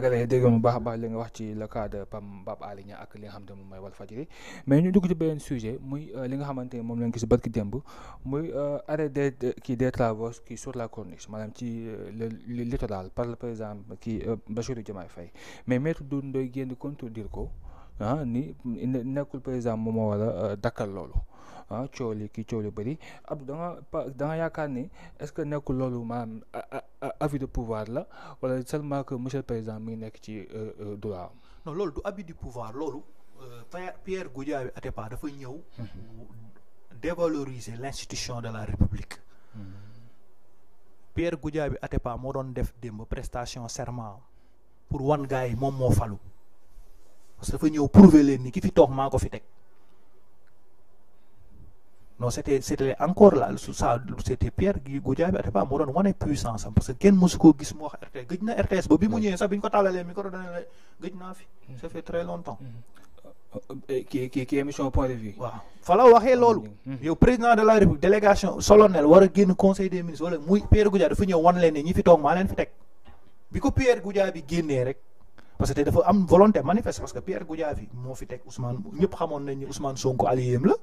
sénégalais yi dégg a baax li nga wax ci le cas de Pam Bab Aly Niang ak li nga xamante ne moom mooy Walfadjri mais ñu dugg ci beneen sujet euh, euh, la corniche maanaam ci euh, le littoral par le ah, moom moo war a dakkal loolu ah coow li bëri Abdou da yaakaar ni est-ce que nekkul loolu maanaam abus de pouvoir là wala seulement que monsieur le président mi nek ci euh, euh, droit non loolu du abus du pouvoir loolu euh, Pierre Goudiaby da fay ñew mhm. dévaloriser l'institution de la République mhm. Pierre Goudiaby Atepa mo doon def demb prestation serment pour wan gars yi moom moo falu parce que fa ñew prouver leen ni ki fi tok mako fi tek non c'était c'était encore là ça c'était Pierre Goudiaby Atepa moo doon wane puissance am parce que kenn na fi mm. ça fait kii mm. euh, euh, kii émission point de fa la waxee loolu. Mm. président de la république délégation solennelle a génn conseil des wala muy Pierre Goudiaby dafa ñëw wan leen ne ñi fi toog maa leen fi bi ko Pierre Goudiaby bi génnee rek. parce que dafa am volonté manifeste parce que Pierre Goudiaby moo fi teg Ousmane ñëpp xamoon nañ ni Ousmane Sonko alliéem la.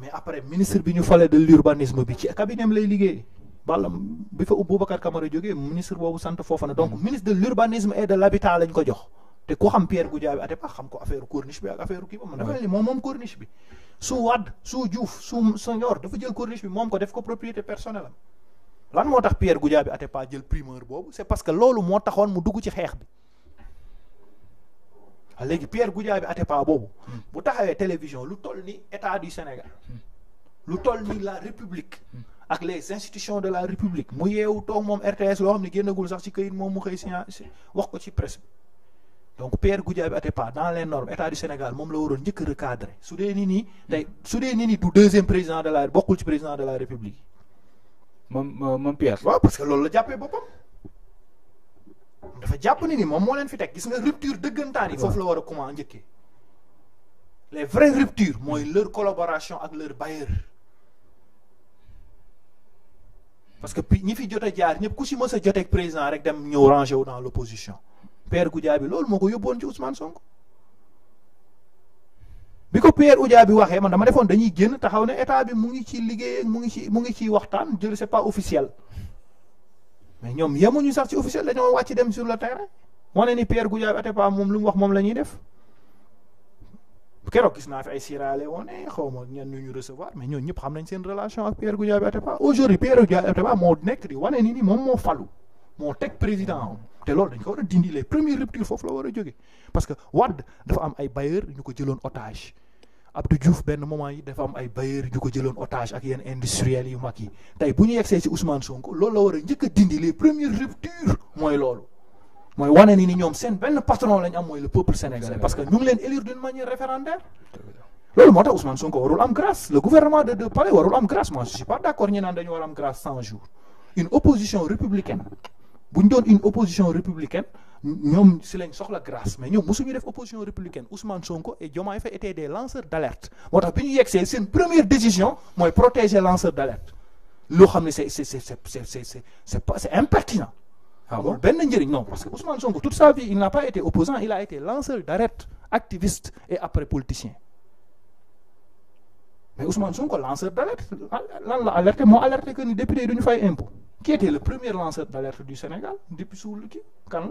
mais après ministre bi ñu fale de l'urbanisme bi ci cabinet lay liggéey balla bi fa Boubacar Camara jógee ministre boobu sant foofu na donc mm-hmm. ministre de l'urbanisme et de l'habitat lañ ko jox te ku xam Pierre Goudiaby Atepa xam ko affaire corniche bi ak affaire kii moom moom corniche bi su Wade su moom ko def ko propriété personnelle am lan moo tax Pierre Goudiaby Atepa jël primeur boobu c'est parce que loolu moo taxoon mu dugg ci xeex bi léegi Pierre Goudiaby Atepa bobu bu taxawé télévision lu toll ni état du Sénégal lu toll ni la république ak les institutions de la république mu yeewu tok mom RTS lo xamni ne sax ci këyit mom mu xey si wax ko ci presse donc Pierre Goudiaby Atepa dans les normes état du Sénégal mom la waroon njëkk recadrer su dee ni ni, tey su dee ni nii du deuxième président de la bokul ci président de la république mom mom Pierre wa parce que loolu la jappé boppam dafa jàpp ni ni mom mo len fi tek gis nga rupture dëggantaan yi foofu la wara a comment njëkkee les vraies ruptures moy leur collaboration ak leur bailleur parce que ñi fi jot a jaar ñëpp ku ci mësa a ak président rek dem ñeu rangé dans l'opposition père Goudiaby loolu moo ko yóbboon ci Ousmane Sonko biko père Pierre Goudiaby waxee man dama defone dañuy genn taxaw ne état bi mu ngi ci liggéey mu ngi ci mu ngi ciy waxtaan jël c'est pas officiel mais ñoom yemuñu sax ci officiel dañoo wacc dem sur le terrain wane ni Pierre Goudiaby pas mom lu wax mom lañuy ñuy def keroog gis na fi ay sirale woon xaw ma ñenn ñu ñu recevoir mais ñoo ñep xam nañ seen relation ak Pierre Goudiaby pas aujourd'hui Pierre Goudiaby pas mo nek di wane ni mom mo fallu mo tek président té lool dañ ko wara dindi les premières ruptures fofu la wara joggé parce que wad dafa am ay bailleur ñu ko jëloon otage. Abdou Diouf ben moment yi dafa am ay bailleur yu ko otage ak yenn industriel yu maki tay buñu bu ci Ousmane Sonko loolu la wara a dindi les premières ruptures moy loolu moy wané ni ñom sen ben patron lañ am moy le peuple sénégalais parce que ñu ngi leen élire d'une manière référendaire loolu motax Ousmane Sonko warul am grâce le gouvernement de de palais warul am grâce moi je suis pas d'accord ñi naan dañu war am grâce 100 jours une opposition républicaine buñ doon une opposition républicaine ñom ci lañ soxla grâce mais nous, nous def opposition républicaine Ousmane Sonko et Dioma Faye étaient des lanceurs d'alerte c'est une première décision pour protéger les lanceurs d'alerte c'est c'est c'est c'est c'est c'est c'est c'est pas impertinent ah non parce que Ousmane Sonko toute sa vie il n'a pas été opposant il a été lanceur d'alerte activiste et après politicien mais Ousmane Sonko lanceur d'alerte alerte lan la alerté mo alerté que ni député de duñu fay qui était le premier lanceur d'alerte du Sénégal depuis suul kii kan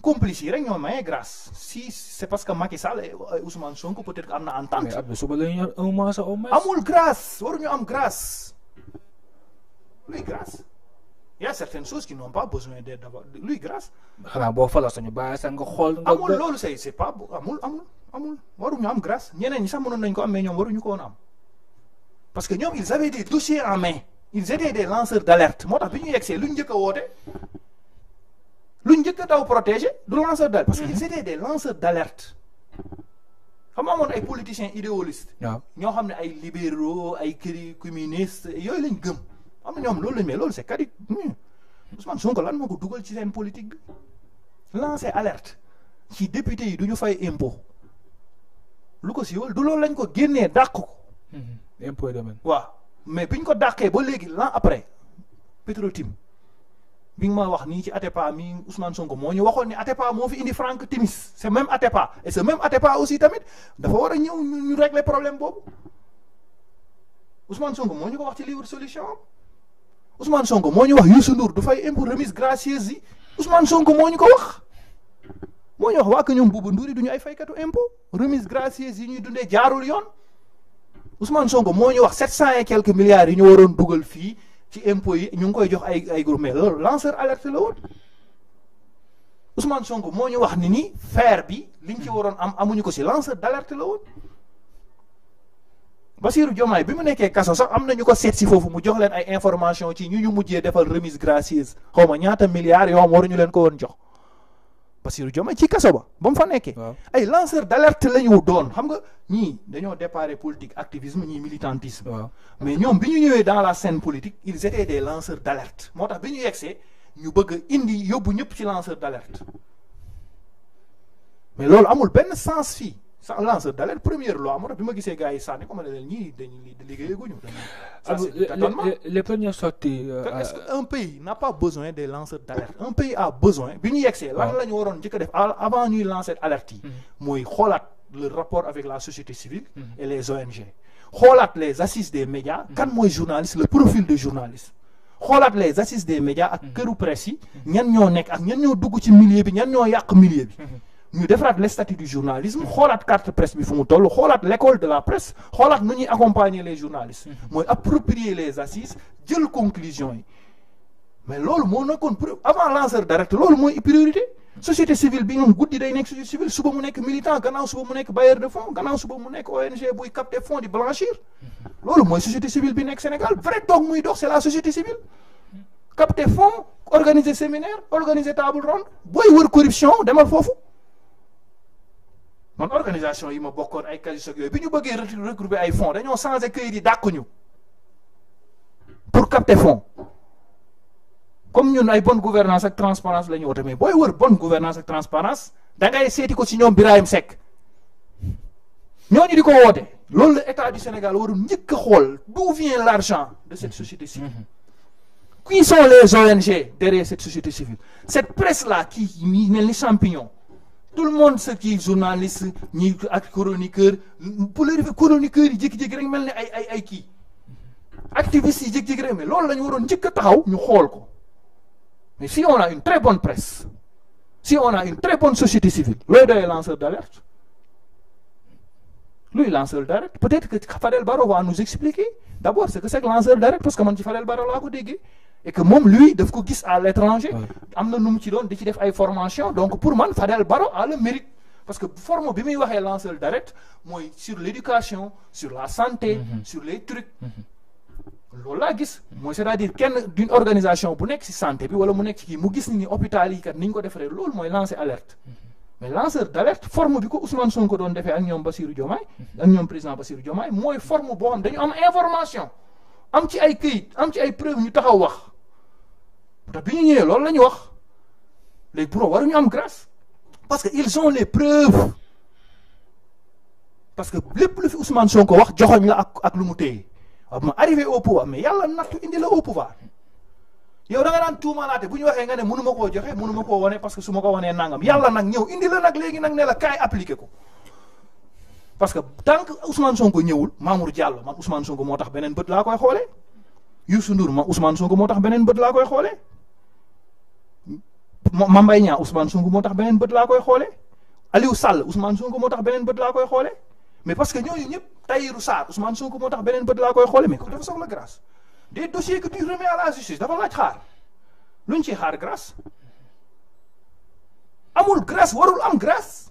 complice yi rek ñoo grâce si c'est parce que Macky Sall et Ousmane Sonko peut être am na entente. mais ab suba la un mois ça au moins. amul grâce waruñu am grâce Lui grâce y' a certaines choses qui n'ont pas besoin d' d'abord. Lui grâce. xanaa boo faloo sañu bàyyi sax nga nga amul loolu say c' pas amul amul amul waruñu am grâce ñeneen ñi sax mënoon nañu ko am mais ñoom waruñu ko woon am parce que nous, ils avaient des dossiers en main ils étaient des lanceurs d'alerte. Moi, moo tax bi ñu yegsee lu ñu njëkk lu njëkk a daw protéger du lanceur d'alerte parce que mhm. ils étaient des lanceurs d'alerte xam nga amoon ay politiciens idéalistes ñoo xam ne ay libéraux ay këri communistes yooyu lañ gëm am na ñoom loolu lañ mais loolu c'est caduc hmm. Ousmane Sonko lan moo ko dugal ci seen politique bi lancer alerte ci député yi du ñu fay impôt lu ko siiwal du loolu lañ ko génnee dàq ko mhm. impôt domaine waaw mais biñ ko dàqee ba léegi l'an après Petro-Tim bi nga ma wax nii ci Atepa mi Ousmane Sonko moo ñu waxoon ne Atepa moo fi indi Franck Timis c'est même Atepa et ce même Atepa aussi tamit dafa war a ñëw ñu problème boobu Ousmane Sonko moo ñu ko wax ci livre solution Ousmane Sonko moo ñu wax Youssou Ndour du fay impôt remise gracieuse yi Ousmane Sonko moo ñu ko wax moo ñu wax waa que ñoom Boubou Ndour du ñu ay faykatu impôt remise gracieuse yi ñuy dundee jaarul yoon Ousmane songo moo ñu wax sept cent et quelques yi ñu waroon dugal fii. ci impôts yi ñu ngi koy jox ay ay groupes mais loolu lanceur alerte la woon Ousmane Sonko moo ñu wax ni nii faire bi liñ ci waroon am amuñu ko si lanceur d' alerte la woon. Bassirou Diomaye bi mu nekkee kaso sax am na ñu ko seet si foofu mu jox leen ay information ci ñu ñu mujjee defal remise gracieuse xaw ma ñaata milliards yoo xam waruñu leen ko woon jox. Bassirou jomay ci kasso ba ba fa nekkee. ay lanceur d'alerte lañu doon xam nga ñi dañoo déparé politique activisme ñi militantisme. mais ñom biñu ñëwé dans la scène politique ils étaient des lanceurs d'alerte. motax biñu yexé ñu bëgg indi yóbbu ñëpp ci lanceur d'alerte, mais lool amul ben, sens fi sans lanceur d'alerte première loi moo tax bi ma gisee gars yi sànni ko ma ne leen ñii dañuy liggéeyaguñu. c'est du tâtonnement les premières sorties. Euh, euh, un pays n'a pas besoin des lanceurs d'alerte un pays a besoin bi ñu yegsee lan la ñu waroon njëkk a def avant ñuy lancer alerte yi. Mm-hmm. mooy xoolaat le rapport avec la société civile. Mm-hmm. et les ONG. xoolaat les assises des médias. Mm-hmm. kan mooy journaliste le profil de journaliste. xoolaat les assises des médias ak këru presse yi. ñan ñoo nekk ak ñan ñoo dugg ci milieu bi ñan ñoo yàq milieu bi nous devrions les statuts du journalisme xoolaat carte presse bi l'école de la presse xoolaat nu accompagner les journalistes mm-hmm. mooy approprier les assises jël conclusion conclusions. mais loolu moo nekkoon avant lanceur d'alerte loolu mooy priorité société civile bi un guddi day la société civile suba mu nekk militant gannaaw suba mu bailleur de fonds gannaaw suba mu nekk ONG buy capter fonds de blanchir mm-hmm. loolu mooy société civile bi nekk Sénégal vrai toog muy dox c'est la société civile capter fonds organiser séminaires, organiser table ronde booy wër corruption demal faut mon organisation yi ma dit ay biñu bëggé regrouper ay fonds dañoo pour capter fonds comme ñun une bonne gouvernance ak transparence lañu une mais wër bonne gouvernance ak transparence da ngay séti ko ci ñom Birahim Seck ñoo ñu diko loolu l'état du Sénégal waru xol d'où vient l'argent de cette société civile mm-hmm. qui sont les ONG derrière cette société civile cette presse là qui n'est les champignons tout le monde sait qui journaliste ni ak chroniqueur pour les chroniqueurs, ils disent qu'ils que les mel ay ay ay activistes ils disent qu'ils mais la dit mais si on a une très bonne presse si on a une très bonne société civile lui est lanceur d'alerte lui lanceur d'alerte peut-être que Fadel Baro va nous expliquer d'abord ce que c'est que lanceur d'alerte parce que man Fadel Barro l'a dit et que même lui daf ko gis à l'étranger amna na ci doon di ci def ay formation donc pour man Fadel Barro a le mérite parce que forme bi mi waxee lanceur d'alerte moy sur l'éducation sur la santé mhm. sur les trucs mhm. loolu laa gis moy c'est-à-dire ken d'une organisation bu nek ci santé bi wala mu nek ci kii mu gis ni hôpital yi kat niñ ko defaree loolu moy lancer alerte mhm. mais lanceur d'alerte forme bi ko Ousmane Sonko doon defee ak ñoom Bassirou Diomaye ak ñoom président Bassirou Diomaye Moi, forme boo xam dañu am information am ci ay këyit am ci ay preuve ñu taxaw wax moo tax bi ñu ñëwee wax léegi pour ñu am grâce parce que ils ont les preuves parce que lepp lu fi Ousmane Sonko wax joxoñ la ak ak lu mu téy ma arrivé au pouvoir mais yalla nattu indi la au pouvoir yow da nga daan tuumaalaate bu buñu waxé nga né mënu mako joxé mënu mako woné parce que su ma ko wanee nangam yalla nak ñëw indi la nak légui nak né la kay appliqué ko parce que tant que Ousmane Sonko ñëwul Mamour Diallo man Ousmane Sonko motax benen beut la koy xolé Youssou Ndour ma Ousmane Sonko motax benen beut la koy xolé Mame Mbaye Niang Ousmane Sonko motax benen beut la koy xolé Aliou Sall Ousmane Sonko motax benen beut la koy xolé mais parce que ñooñu ñep tayiru Sarr Ousmane Sonko motax benen beut la koy xolé mais ko dafa soxla grâce des dossiers que tu remets à la justice dafa laj xaar luñ ci xaar grâce amul grâce warul am grâce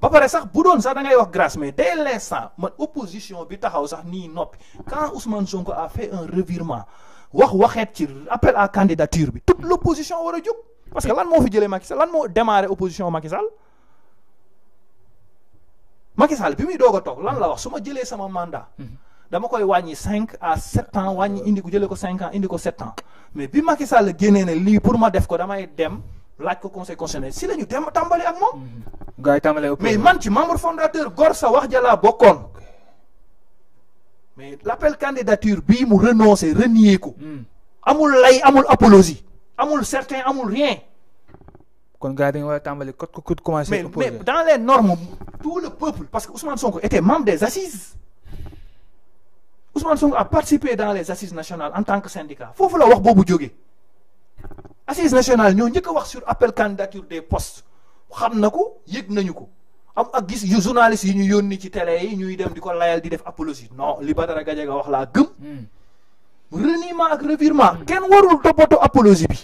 ba pare sax bu doon sax da ngay wax grâce mais dès l'instant ma opposition bi taxaw sax ni nopi quand Ousmane Sonko a fait un revirement wax waxet ci appel à candidature bi toute l'opposition wara a parce que lan moo fi jëlee Macky Sall lan moo démarré opposition Macky Sall Sall bi muy doog a toog lan la wax su ma jëlee sama mandat. Mhm. dama koy wàññi cinq à sept ans wàññi indi ko jëlee ko cinq ans indi ko sept ans mais bi Macky Sall génnee lii pour ma def ko damay dem laaj ko conseil constitutionnel si la ñu dem tàmbali ak moom. Mhm. gars yi tàmbali mais man ci membre fondateur Gor sa wax jalaa laa bokkoon. mais l' appel candidature bii mu renoncé renier ko. Mhm. amul lay amul apologie. amul certain amul rien. kon gars dañu n'y a tàmbali ko ku commencé. mais mais dans les normes tout le peuple parce que Ousmane Sonko était membre des assises Ousmane Sonko a participé dans les assises nationales en tant que syndicat fofu la wax de jógee assises nationales nous ñëk wax sur appel candidature des postes xamnako na nañu ko am ak gis yu journalistes yi ñu yoni ci télé yi ñuy dem diko layal di def apologie non li Badara Gadiaga wax la gëm. Hmm reniement ak revirement ken warul toppatoo apologie bi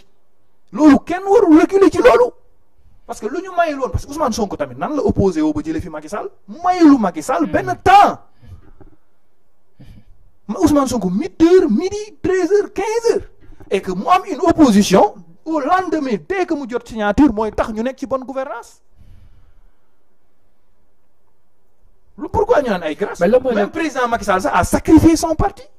lolu ken warul reculer ci parce que vous avez parce que Ousmane Sonko tamit nan la opposé wo ba jëlee fi Macky Sall Macky Sall que hmm. temps Ousmane Sonko huit midi treize h quinze h et que moi, am une opposition au lendemain dès que mu jot signature moy tax ñu nek ci bonne gouvernance lu pourquoi même président Macky Sall a sacrifié son parti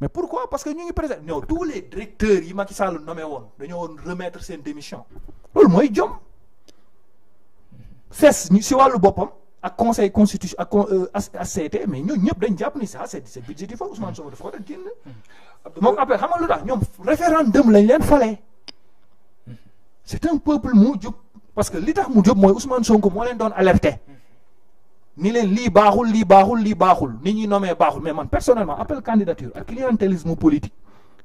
mais pourquoi parce que ñu ngi présent tous les directeurs yi Macky Sall nommé woon dañoo woon remettre démissions démission loolu mooy jom CES ñu si wàllu boppam ak conseil constitution ak euh, ACT mais ñooñu ñëpp dañ japp ni ça c'est c'est budgétif foofu Ousmane Sonko dafa war a génn après xamal lu tax ñom référendum lañ leen falé c'est un peuple mu jub parce que li tax mu jub moy Ousmane Sonko mo leen doon alerté ni les li baxul li baxul li baxul ni nommé baxul mais man personnellement appel candidature le clientélisme politique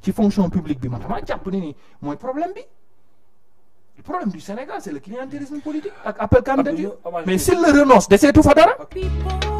qui fonction publique bi man pas japp ni ni problème bi le problème du Sénégal c'est le clientélisme politique appel candidature mais s'il le renonce de tout dara